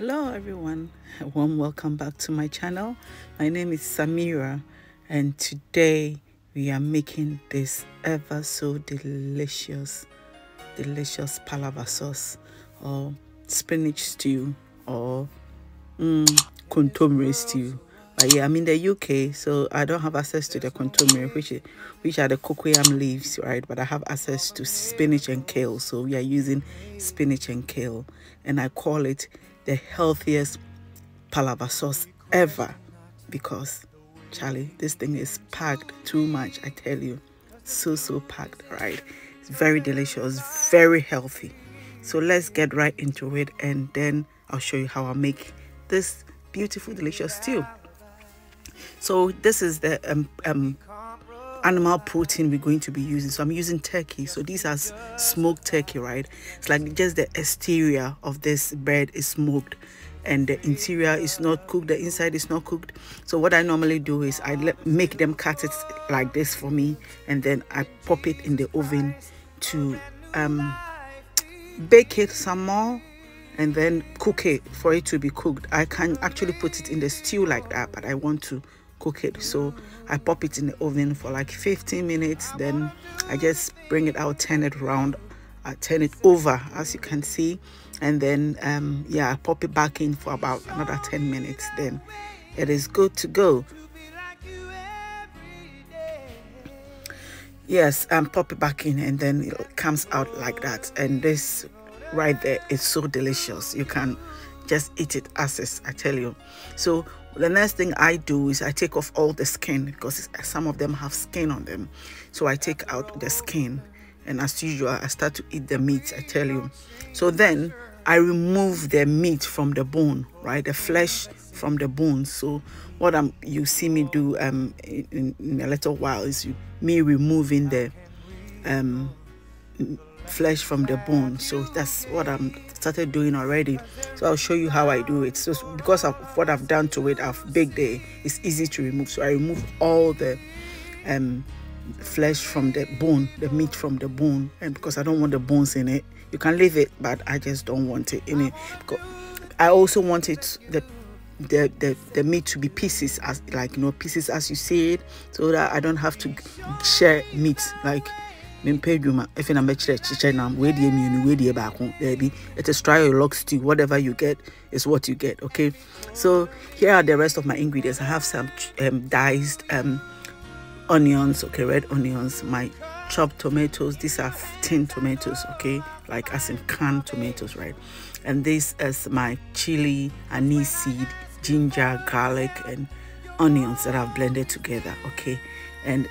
hello everyone a warm welcome back to my channel my name is samira and today we are making this ever so delicious delicious palava sauce or spinach stew or mm, contomere stew but yeah i'm in the uk so i don't have access to the contomere which which are the cocoyam leaves right but i have access to spinach and kale so we are using spinach and kale and i call it the healthiest palava sauce ever because Charlie, this thing is packed too much, I tell you. So, so packed, right? It's very delicious, very healthy. So let's get right into it and then I'll show you how I make this beautiful, delicious stew. So this is the um, um, animal protein we're going to be using so i'm using turkey so this has smoked turkey right it's like just the exterior of this bread is smoked and the interior is not cooked the inside is not cooked so what i normally do is i let, make them cut it like this for me and then i pop it in the oven to um, bake it some more and then cook it for it to be cooked i can actually put it in the stew like that but i want to Cook it. so i pop it in the oven for like 15 minutes then i just bring it out turn it around I uh, turn it over as you can see and then um, yeah I pop it back in for about another 10 minutes then it is good to go yes and um, pop it back in and then it comes out like that and this right there is so delicious you can just eat it as is I tell you so the next thing i do is i take off all the skin because some of them have skin on them so i take out the skin and as usual i start to eat the meat i tell you so then i remove the meat from the bone right the flesh from the bone so what i'm you see me do um in, in a little while is you, me removing the um flesh from the bone so that's what i'm started doing already so i'll show you how i do it so because of what i've done to it i've baked it it's easy to remove so i remove all the um, flesh from the bone the meat from the bone and because i don't want the bones in it you can leave it but i just don't want it in it because i also want it the the, the the meat to be pieces as like you know pieces as you see it so that i don't have to share meat like mempɛ adwuma afei na mɛkyerɛ kyekyɛ nam weidie mmienu weidie baako daabi it is try your lock stew whatever you get is what you get okay so here are the rest of my ingredients i have some um, diced um, onions okay red onions my chopped tomatoes these are tin tomatoes okay like as in canned tomatoes right and this is my chili anise seed ginger garlic and onions that i've blended together okay and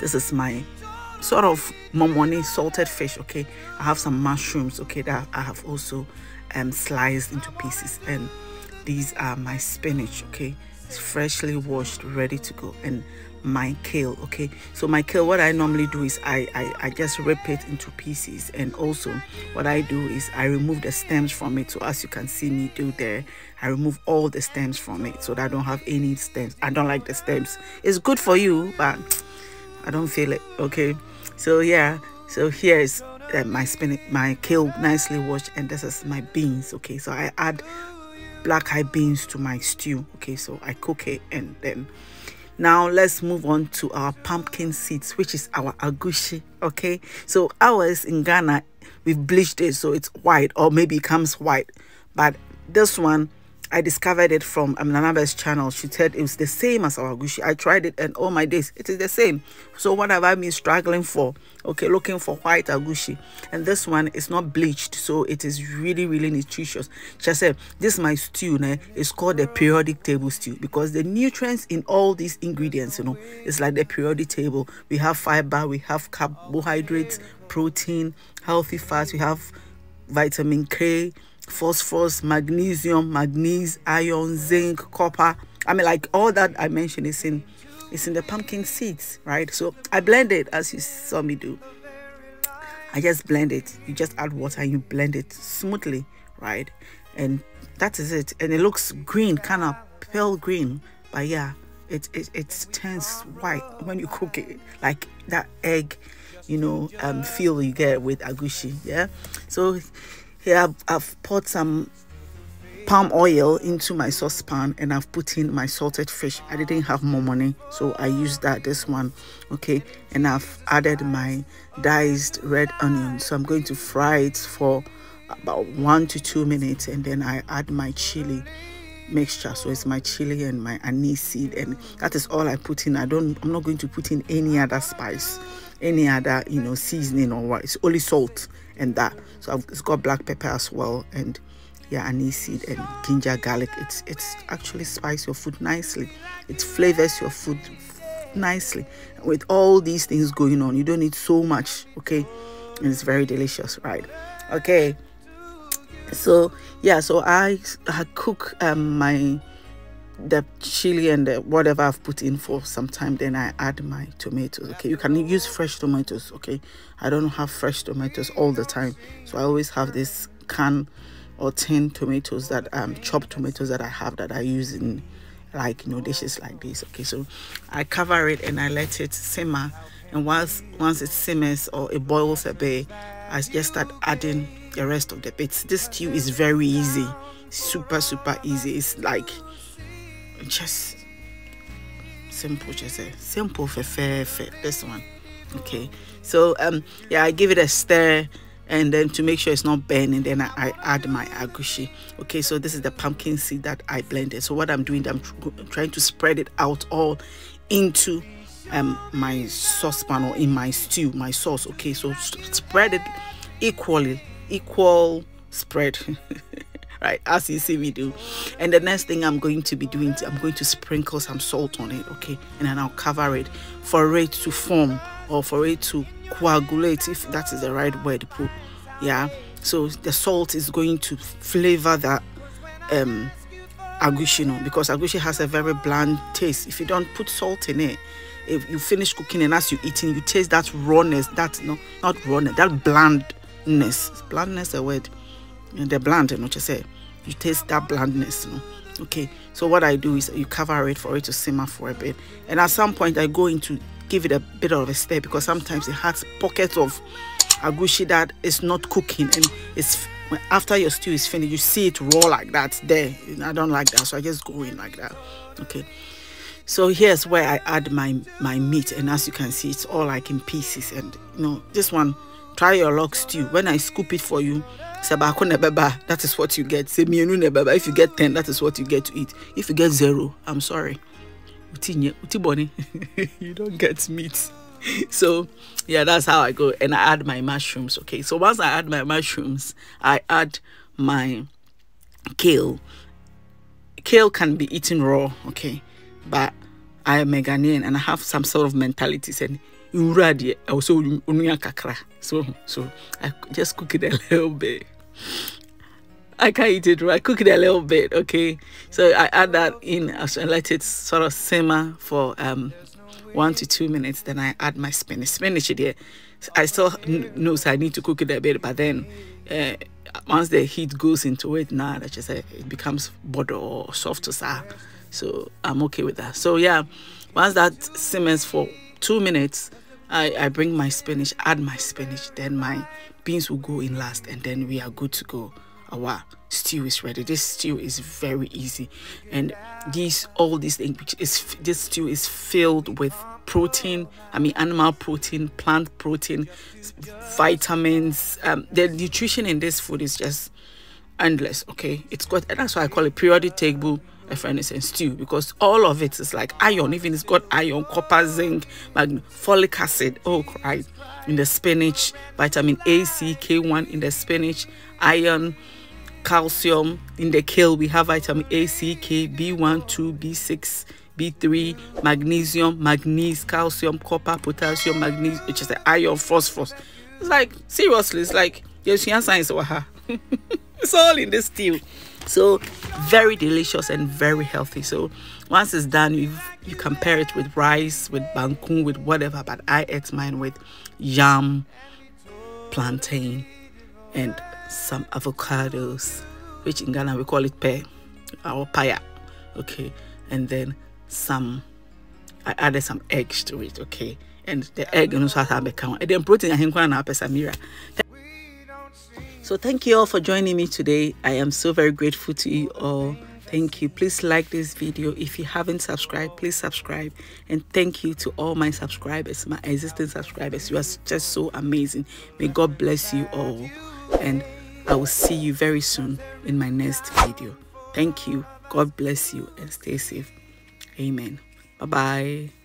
this is my sort of momoni salted fish, okay? I have some mushrooms, okay, that I have also um, sliced into pieces. And these are my spinach, okay? It's freshly washed, ready to go. And my kale, okay? So my kale, what I normally do is I, I, I just rip it into pieces. And also what I do is I remove the stems from it. So as you can see me do there, I remove all the stems from it so that I don't have any stems. I don't like the stems. It's good for you, but I don't feel it. Okay, so yeah, so here is uh, my spinach, my kale nicely washed, and this is my beans. Okay, so I add black eye beans to my stew. Okay, so I cook it and then now let's move on to our pumpkin seeds which is our agushi okay so ours in ghana we've bleached it so it's white or maybe it comes white but this one I discovered it from Amnanabe's um, channel. She said it was the same as our gushi. I tried it and all oh my days, it is the same. So what have I been struggling for? Okay, looking for white agushi. And this one is not bleached, so it is really, really nutritious. She said, this my stew, né? it's called the periodic table stew because the nutrients in all these ingredients, you know, it's like the periodic table. We have fiber, we have carbohydrates, protein, healthy fats, we have vitamin K, phosphorus, magnesium, magnesium, iron, zinc, copper. I mean, like all that I mentioned is in is in the pumpkin seeds, right? So I blend it as you saw me do. I just blend it. You just add water and you blend it smoothly, right? And that is it. And it looks green, kind of pale green, but yeah, it it it turns white when you cook it, like that egg, you know, um, feel you get with agushi. Yeah, so here I've, I've poured some palm oil into my saucepan and I've put in my salted fish. I didn't have more money, so I used that, this one, okay? And I've added my diced red onion. So I'm going to fry it for about one to two minutes and then I add my chili mixture so it's my chili and my anise seed and that is all i put in i don't i'm not going to put in any other spice any other you know seasoning or what it's only salt and that. So I've, it's got black pepper as well and yeah, anise seed and ginger garlic. It's it's actually spice your food nicely. It flavors your food nicely. With all these things going on, you don't need so much, okay? And it's very delicious, right? Okay. So yeah, so I, I cook um, my the chili and the whatever I've put in for some time, then I add my tomatoes. Okay, you can use fresh tomatoes. Okay, I don't have fresh tomatoes all the time, so I always have this can or tin tomatoes that um chopped tomatoes that I have that I use in like you know dishes like this. Okay, so I cover it and I let it simmer. And once once it simmers or it boils a bit, I just start adding the rest of the bits. This stew is very easy, super super easy. It's like just simple just a simple for fair fair this one okay so um yeah i give it a stir and then to make sure it's not burning then I, I, add my agushi okay so this is the pumpkin seed that i blended so what i'm doing i'm tr trying to spread it out all into um my saucepan or in my stew my sauce okay so spread it equally equal spread right? As you see me do. And the next thing I'm going to be doing, I'm going to sprinkle some salt on it, okay? And then I'll cover it for it to form or for it to coagulate, if that is the right word, put, yeah? So the salt is going to flavor that um, agushi no, because agushi has a very bland taste. If you don't put salt in it, if you finish cooking and as you're eating, you taste that rawness, that, no, not rawness, that blandness. blandness a word? The bland, you know what you say? you taste that blandness. Okay, so what I do is you cover it for it to simmer for a bit. And at some point, I go into give it a bit of a stir because sometimes it has pockets of agushi that is not cooking and it's after your stew is finished you see it raw like that there i don't like that so i just go in like that okay so here's where i add my my meat and as you can see it's all like in pieces and you know this one try your luck, stew when i scoop it for you sɛ baako that is what you get Say mmienu na if you get ten that is what you get to eat if you get zero i'm sorry uti nye uti you don't get meat so yeah that's how i go and i add my mushrooms okay so once i add my mushrooms i add my kale kale can be eaten raw okay but i am a ghanaian and i have some sort of mentality saying nwura also ɛwɔ sɛ onua kakra so so i just cook it a little bit I can't eat it right. Cook it a little bit, okay? So I add that in and let it sort of simmer for um, one to two minutes. Then I add my spinach. Spinach here. I still know so I need to cook it a bit, but then uh, once the heat goes into it, now that just uh, it becomes butter or soft sour. So I'm okay with that. So yeah, once that simmers for two minutes, I, I bring my spinach, add my spinach, then my beans will go in last, and then we are good to go. Our stew is ready. This stew is very easy, and these all these things. Is, this stew is filled with protein. I mean, animal protein, plant protein, vitamins. Um, the nutrition in this food is just endless. Okay, it's got, and that's why I call it periodic table furnace and stew because all of it is like iron even it's got iron copper zinc magne- folic acid oh christ in the spinach vitamin a c k1 in the spinach iron calcium in the kale we have vitamin a c k b1 2 b6 b3 magnesium magnesium calcium copper potassium magnesium which is the iron phosphorus it's like seriously it's like yes science it's all in the stew so very delicious and very healthy. So once it's done, you you can pair it with rice, with bangkun, with whatever. But I ate mine with yam, plantain, and some avocados, which in Ghana we call it pear or paya. Okay, and then some. I added some eggs to it. Okay, and the egg and also has a And then protein in a one and a so thank you all for joining me today. I am so very grateful to you all. Thank you. Please like this video. If you haven't subscribed, please subscribe. And thank you to all my subscribers, my existing subscribers. You are just so amazing. May God bless you all. And I will see you very soon in my next video. Thank you. God bless you and stay safe. Amen. Bye-bye.